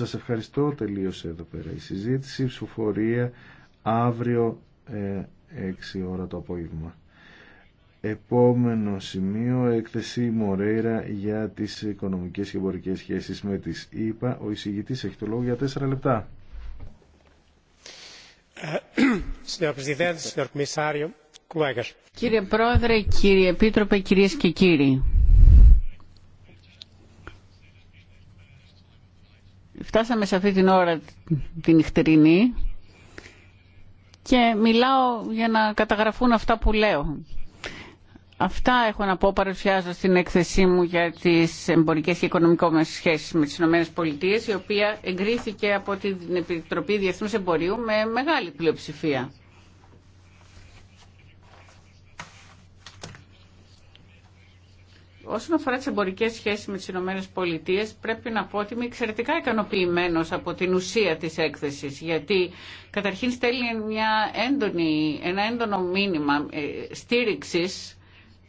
Σας ευχαριστώ. Τελείωσε εδώ πέρα η συζήτηση. Η ψηφοφορία αύριο 6 ε, ώρα το απόγευμα. Επόμενο σημείο, έκθεση Μορέιρα για τις οικονομικές και εμπορικές σχέσεις με τις ΗΠΑ. Ο εισηγητής έχει το λόγο για τέσσερα λεπτά. Κύριε Πρόεδρε, κύριε Επίτροπε, κυρίες και κύριοι. φτάσαμε σε αυτή την ώρα την νυχτερινή και μιλάω για να καταγραφούν αυτά που λέω. Αυτά έχω να πω παρουσιάζω στην έκθεσή μου για τις εμπορικές και οικονομικές σχέσεις με τις ΗΠΑ, η οποία εγκρίθηκε από την Επιτροπή Διεθνούς Εμπορίου με μεγάλη πλειοψηφία. Όσον αφορά τι εμπορικέ σχέσει με τι Ηνωμένε Πολιτείε, πρέπει να πω ότι είμαι εξαιρετικά ικανοποιημένο από την ουσία τη έκθεση. Γιατί καταρχήν στέλνει μια έντονη, ένα έντονο μήνυμα ε, στήριξη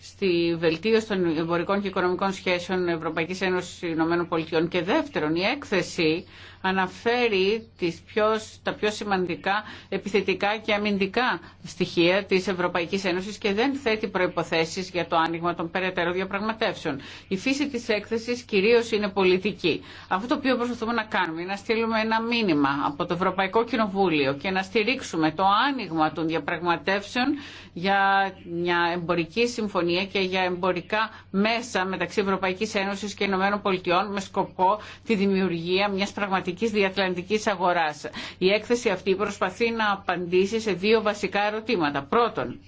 στη βελτίωση των εμπορικών και οικονομικών σχέσεων Ευρωπαϊκής Ένωσης Ηνωμένων Πολιτειών και δεύτερον η έκθεση αναφέρει τις πιο, τα πιο σημαντικά επιθετικά και αμυντικά στοιχεία της Ευρωπαϊκής Ένωσης και δεν θέτει προϋποθέσεις για το άνοιγμα των περαιτέρω διαπραγματεύσεων. Η φύση της έκθεσης κυρίως είναι πολιτική. Αυτό το οποίο προσπαθούμε να κάνουμε είναι να στείλουμε ένα μήνυμα από το Ευρωπαϊκό Κοινοβούλιο και να στηρίξουμε το άνοιγμα των διαπραγματεύσεων για μια εμπορική συμφωνία και για εμπορικά μέσα μεταξύ ευρωπαϊκή Ένωση και Ηνωμένων Πολιτειών με σκοπό τη δημιουργία μιας πραγματικής διατλαντικής αγοράς. Η έκθεση αυτή προσπαθεί να απαντήσει σε δύο βασικά ερωτήματα. Πρώτον,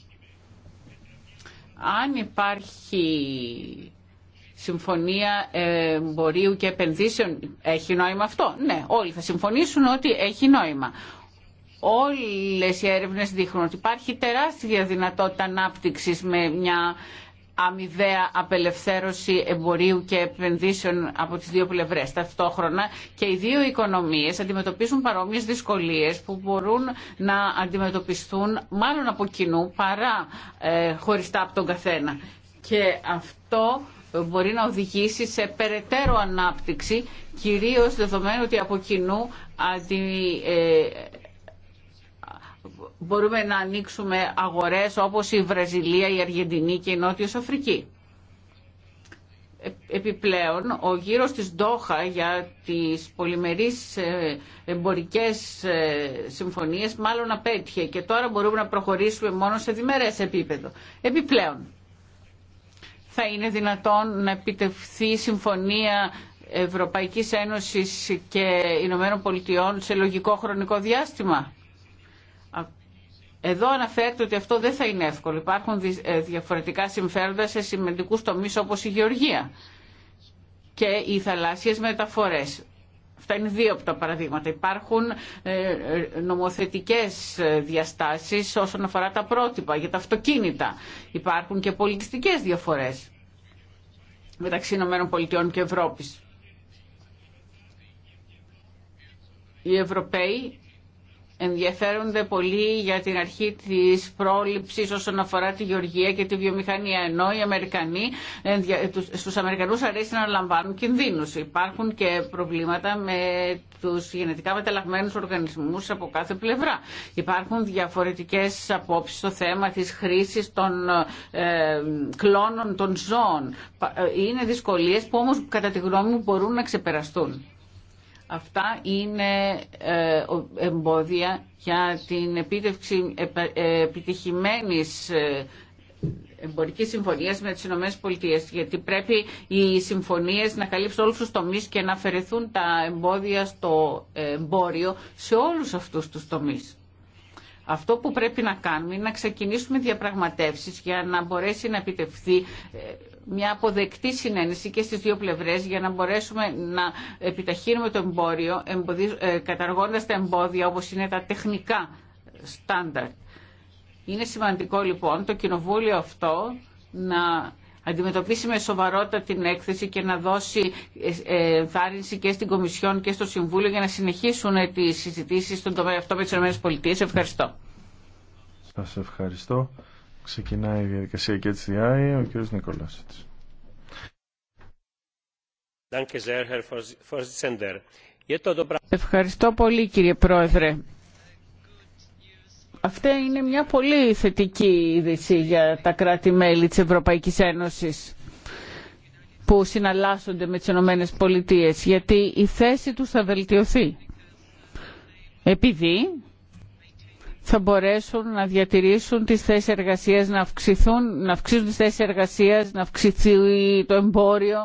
αν υπάρχει συμφωνία εμπορίου και επενδύσεων έχει νόημα αυτό. Ναι, όλοι θα συμφωνήσουν ότι έχει νόημα. Όλες οι έρευνες δείχνουν ότι υπάρχει τεράστια δυνατότητα ανάπτυξης με μια αμοιβαία απελευθέρωση εμπορίου και επενδύσεων από τις δύο πλευρές. Ταυτόχρονα και οι δύο οικονομίες αντιμετωπίζουν παρόμοιες δυσκολίες που μπορούν να αντιμετωπιστούν μάλλον από κοινού παρά ε, χωριστά από τον καθένα. Και αυτό μπορεί να οδηγήσει σε περαιτέρω ανάπτυξη, κυρίως δεδομένου ότι από κοινού αντι, ε, μπορούμε να ανοίξουμε αγορές όπως η Βραζιλία, η Αργεντινή και η Νότιος Αφρική. Ε, επιπλέον, ο γύρος της Ντόχα για τις πολυμερείς ε, εμπορικές ε, συμφωνίες μάλλον απέτυχε και τώρα μπορούμε να προχωρήσουμε μόνο σε διμερές επίπεδο. Επιπλέον, θα είναι δυνατόν να επιτευχθεί συμφωνία Ευρωπαϊκής Ένωσης και Ηνωμένων Πολιτειών σε λογικό χρονικό διάστημα. Εδώ αναφέρεται ότι αυτό δεν θα είναι εύκολο. Υπάρχουν ε, διαφορετικά συμφέροντα σε σημαντικού τομεί όπως η γεωργία και οι θαλάσσιες μεταφορές. Αυτά είναι δύο από τα παραδείγματα. Υπάρχουν ε, ε, νομοθετικές διαστάσεις όσον αφορά τα πρότυπα για τα αυτοκίνητα. Υπάρχουν και πολιτιστικές διαφορές μεταξύ ΗΠΑ και Ευρώπης. Οι Ευρωπαίοι ενδιαφέρονται πολύ για την αρχή της πρόληψης όσον αφορά τη γεωργία και τη βιομηχανία ενώ οι Αμερικανοί, στους Αμερικανούς αρέσει να λαμβάνουν κινδύνους. Υπάρχουν και προβλήματα με τους γενετικά μεταλλαγμένους οργανισμούς από κάθε πλευρά. Υπάρχουν διαφορετικές απόψεις στο θέμα της χρήσης των ε, κλώνων των ζώων. Ε, είναι δυσκολίες που όμως κατά τη γνώμη μου μπορούν να ξεπεραστούν. Αυτά είναι ε, εμπόδια για την επίτευξη ε, επιτυχημένης ε, εμπορικής συμφωνίας με τις Ηνωμένες Πολιτείες, γιατί πρέπει οι συμφωνίες να καλύψουν όλους τους τομείς και να αφαιρεθούν τα εμπόδια στο εμπόριο σε όλους αυτούς τους τομείς. Αυτό που πρέπει να κάνουμε είναι να ξεκινήσουμε διαπραγματεύσεις για να μπορέσει να επιτευχθεί μια αποδεκτή συνένεση και στις δύο πλευρές για να μπορέσουμε να επιταχύνουμε το εμπόριο ε, καταργώντας τα εμπόδια όπως είναι τα τεχνικά στάνταρτ. Είναι σημαντικό λοιπόν το κοινοβούλιο αυτό να αντιμετωπίσει με σοβαρότητα την έκθεση και να δώσει ε, ε, ενθάρρυνση και στην Κομισιόν και στο Συμβούλιο για να συνεχίσουν τις συζητήσεις στον τομέα αυτό με τις ΗΠΑ. Ευχαριστώ. Σας ευχαριστώ. Ξεκινάει η διαδικασία και έτσι διάει ο κ. Νικολάσιτς. Ευχαριστώ πολύ κύριε Πρόεδρε. Αυτή είναι μια πολύ θετική είδηση για τα κράτη-μέλη της Ευρωπαϊκής Ένωσης που συναλλάσσονται με τις Ηνωμένες Πολιτείες γιατί η θέση τους θα βελτιωθεί. Επειδή θα μπορέσουν να διατηρήσουν τις θέσεις εργασίας, να, αυξηθούν, να αυξήσουν τις θέσεις εργασίας, να αυξηθεί το εμπόριο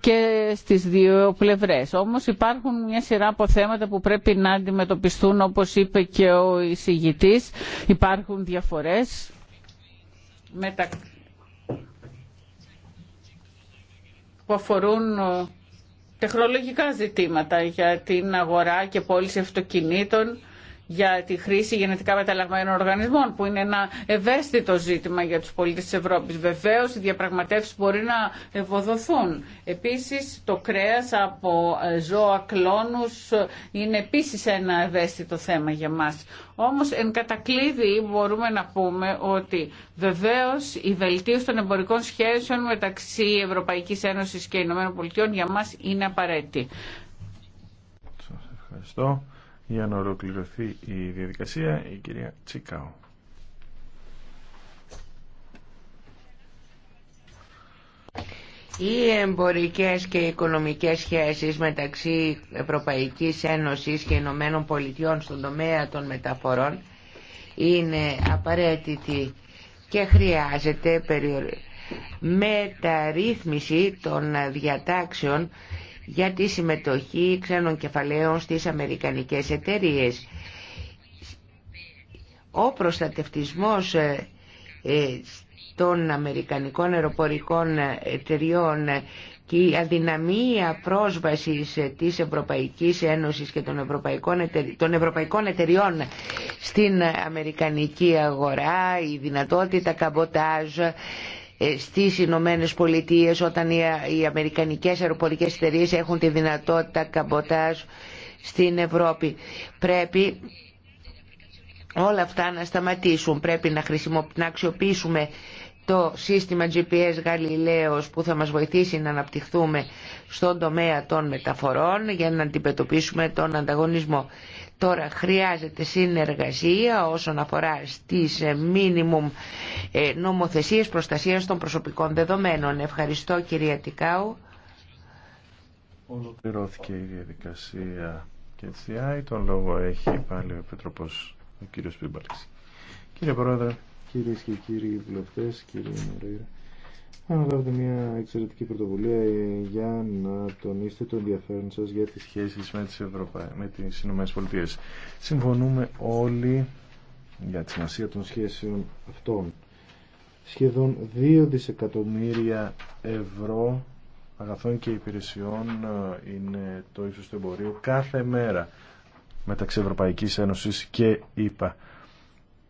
και στις δύο πλευρές. Όμως υπάρχουν μια σειρά από θέματα που πρέπει να αντιμετωπιστούν όπως είπε και ο εισηγητής. Υπάρχουν διαφορές μετα... που αφορούν ε, τεχνολογικά ζητήματα για την αγορά και πώληση αυτοκινήτων για τη χρήση γενετικά μεταλλαγμένων οργανισμών, που είναι ένα ευαίσθητο ζήτημα για τους πολίτες της Ευρώπης. Βεβαίως, οι διαπραγματεύσεις μπορεί να ευοδοθούν. Επίσης, το κρέας από ε, ζώα κλόνους είναι επίσης ένα ευαίσθητο θέμα για μας. Όμως, εν κατακλείδη μπορούμε να πούμε ότι βεβαίως η βελτίωση των εμπορικών σχέσεων μεταξύ Ευρωπαϊκής Ένωσης και ΗΠΑ για μας είναι απαραίτητη. ευχαριστώ για να ολοκληρωθεί η διαδικασία η κυρία Τσικάου. Οι εμπορικές και οικονομικές σχέσεις μεταξύ Ευρωπαϊκής Ένωσης και Ηνωμένων Πολιτειών στον τομέα των μεταφορών είναι απαραίτητη και χρειάζεται μεταρρύθμιση των διατάξεων για τη συμμετοχή ξένων κεφαλαίων στις αμερικανικές εταιρείες. Ο προστατευτισμός ε, ε, των αμερικανικών αεροπορικών εταιριών και η αδυναμία πρόσβασης της Ευρωπαϊκής Ένωσης και των ευρωπαϊκών, των ευρωπαϊκών εταιριών στην αμερικανική αγορά, η δυνατότητα καμποτάζ, ε, στις Ηνωμένε Πολιτείε όταν οι αμερικανικές αεροπορικές εταιρείε έχουν τη δυνατότητα καμποτάζ στην Ευρώπη. Πρέπει όλα αυτά να σταματήσουν. Πρέπει να, να αξιοποιήσουμε το σύστημα GPS Γαλιλαίος που θα μας βοηθήσει να αναπτυχθούμε στον τομέα των μεταφορών για να αντιμετωπίσουμε τον ανταγωνισμό. Τώρα χρειάζεται συνεργασία όσον αφορά στις μίνιμουμ ε, ε, νομοθεσίες προστασίας των προσωπικών δεδομένων. Ευχαριστώ κυρία Τικάου. Ολοκληρώθηκε η διαδικασία και έτσι τον λόγο έχει πάλι ο Επιτροπός ο κύριος Πίμπαλης. Κύριε Πρόεδρε, κύριε και κύριοι βουλευτές, κύριε Μωρήρα αναλάβετε μια εξαιρετική πρωτοβουλία ε, για να τονίσετε το ενδιαφέρον σας για τις σχέσεις με τις, Ευρωπα... με τις Συμφωνούμε όλοι για τη σημασία των σχέσεων αυτών. Σχεδόν 2 δισεκατομμύρια ευρώ αγαθών και υπηρεσιών ε, είναι το ίσως του εμπορίου κάθε μέρα μεταξύ Ευρωπαϊκής Ένωσης και ΗΠΑ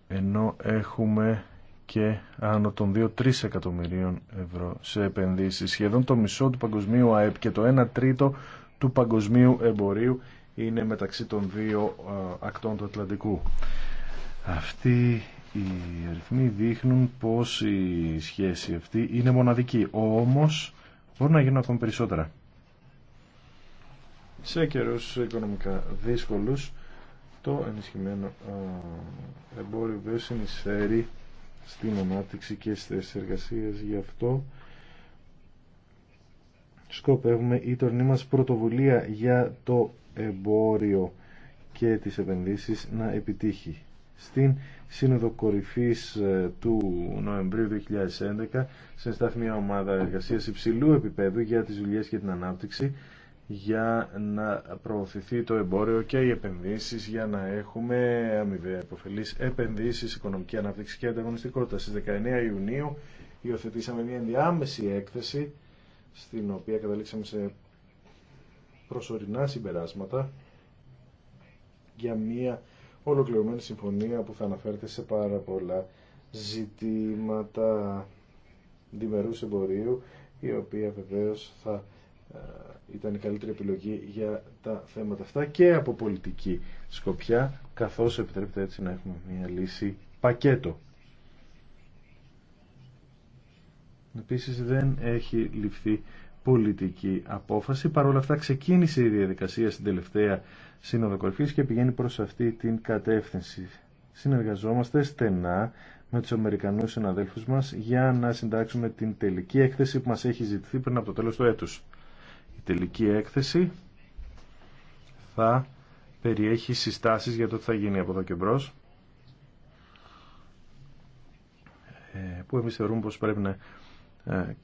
Ενώ έχουμε και άνω των 2-3 εκατομμυρίων ευρώ σε επενδύσεις. Σχεδόν το μισό του παγκοσμίου ΑΕΠ και το 1 τρίτο του παγκοσμίου εμπορίου είναι μεταξύ των δύο ακτών του Ατλαντικού. Αυτοί οι αριθμοί δείχνουν πως η σχέση αυτή είναι μοναδική. Όμως μπορεί να γίνουν ακόμη περισσότερα. Σε καιρούς οικονομικά δύσκολους το ενισχυμένο εμπόριο βέβαια συνεισφέρει στην ανάπτυξη και στις εργασίες Γι' αυτό σκοπεύουμε η τωρινή μας πρωτοβουλία για το εμπόριο και τις επενδύσεις να επιτύχει. Στην Σύνοδο Κορυφής ε, του Νοεμβρίου 2011 συνστάθη μια ομάδα εργασίας υψηλού επίπεδου για τις δουλειές και την ανάπτυξη για να προωθηθεί το εμπόριο και οι επενδύσεις για να έχουμε αμοιβαία υποφελής επενδύσεις, οικονομική ανάπτυξη και ανταγωνιστικότητα. Στις 19 Ιουνίου υιοθετήσαμε μια ενδιάμεση έκθεση στην οποία καταλήξαμε σε προσωρινά συμπεράσματα για μια ολοκληρωμένη συμφωνία που θα αναφέρεται σε πάρα πολλά ζητήματα διμερούς εμπορίου η οποία βεβαίως θα ε, ήταν η καλύτερη επιλογή για τα θέματα αυτά και από πολιτική σκοπιά, καθώς επιτρέπεται έτσι να έχουμε μια λύση πακέτο. Επίσης δεν έχει ληφθεί πολιτική απόφαση. Παρ' όλα αυτά ξεκίνησε η διαδικασία στην τελευταία σύνοδο κορυφής και πηγαίνει προς αυτή την κατεύθυνση. Συνεργαζόμαστε στενά με τους Αμερικανούς συναδέλφους μας για να συντάξουμε την τελική έκθεση που μας έχει ζητηθεί πριν από το τέλος του έτους τελική έκθεση θα περιέχει συστάσεις για το τι θα γίνει από εδώ και μπρος ε, που εμείς θεωρούμε πως πρέπει να ε,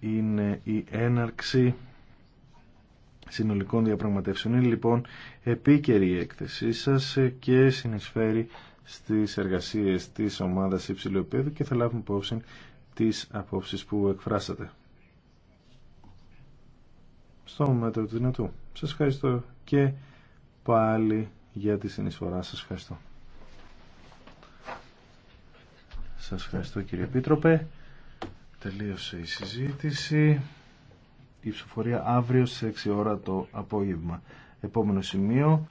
είναι η έναρξη συνολικών διαπραγματεύσεων. Είναι λοιπόν επίκαιρη η έκθεσή σας ε, και συνεισφέρει στις εργασίες της ομάδας υψηλού και θα λάβουμε υπόψη τις απόψεις που εκφράσατε στο μέτρο του δυνατού. Σας ευχαριστώ και πάλι για τη συνεισφορά. Σας ευχαριστώ. Σας ευχαριστώ κύριε Επίτροπε. Τελείωσε η συζήτηση. Η ψηφοφορία αύριο στις 6 ώρα το απόγευμα. Επόμενο σημείο,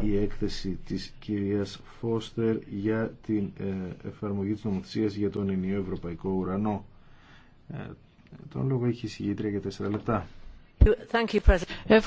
η έκθεση της κυρίας Φώστερ για την ε, εφαρμογή της νομοθεσίας για τον ενιαίο ευρωπαϊκό ουρανό. Ε, τον λόγο έχει η συγγήτρια για 4 λεπτά. Thank you,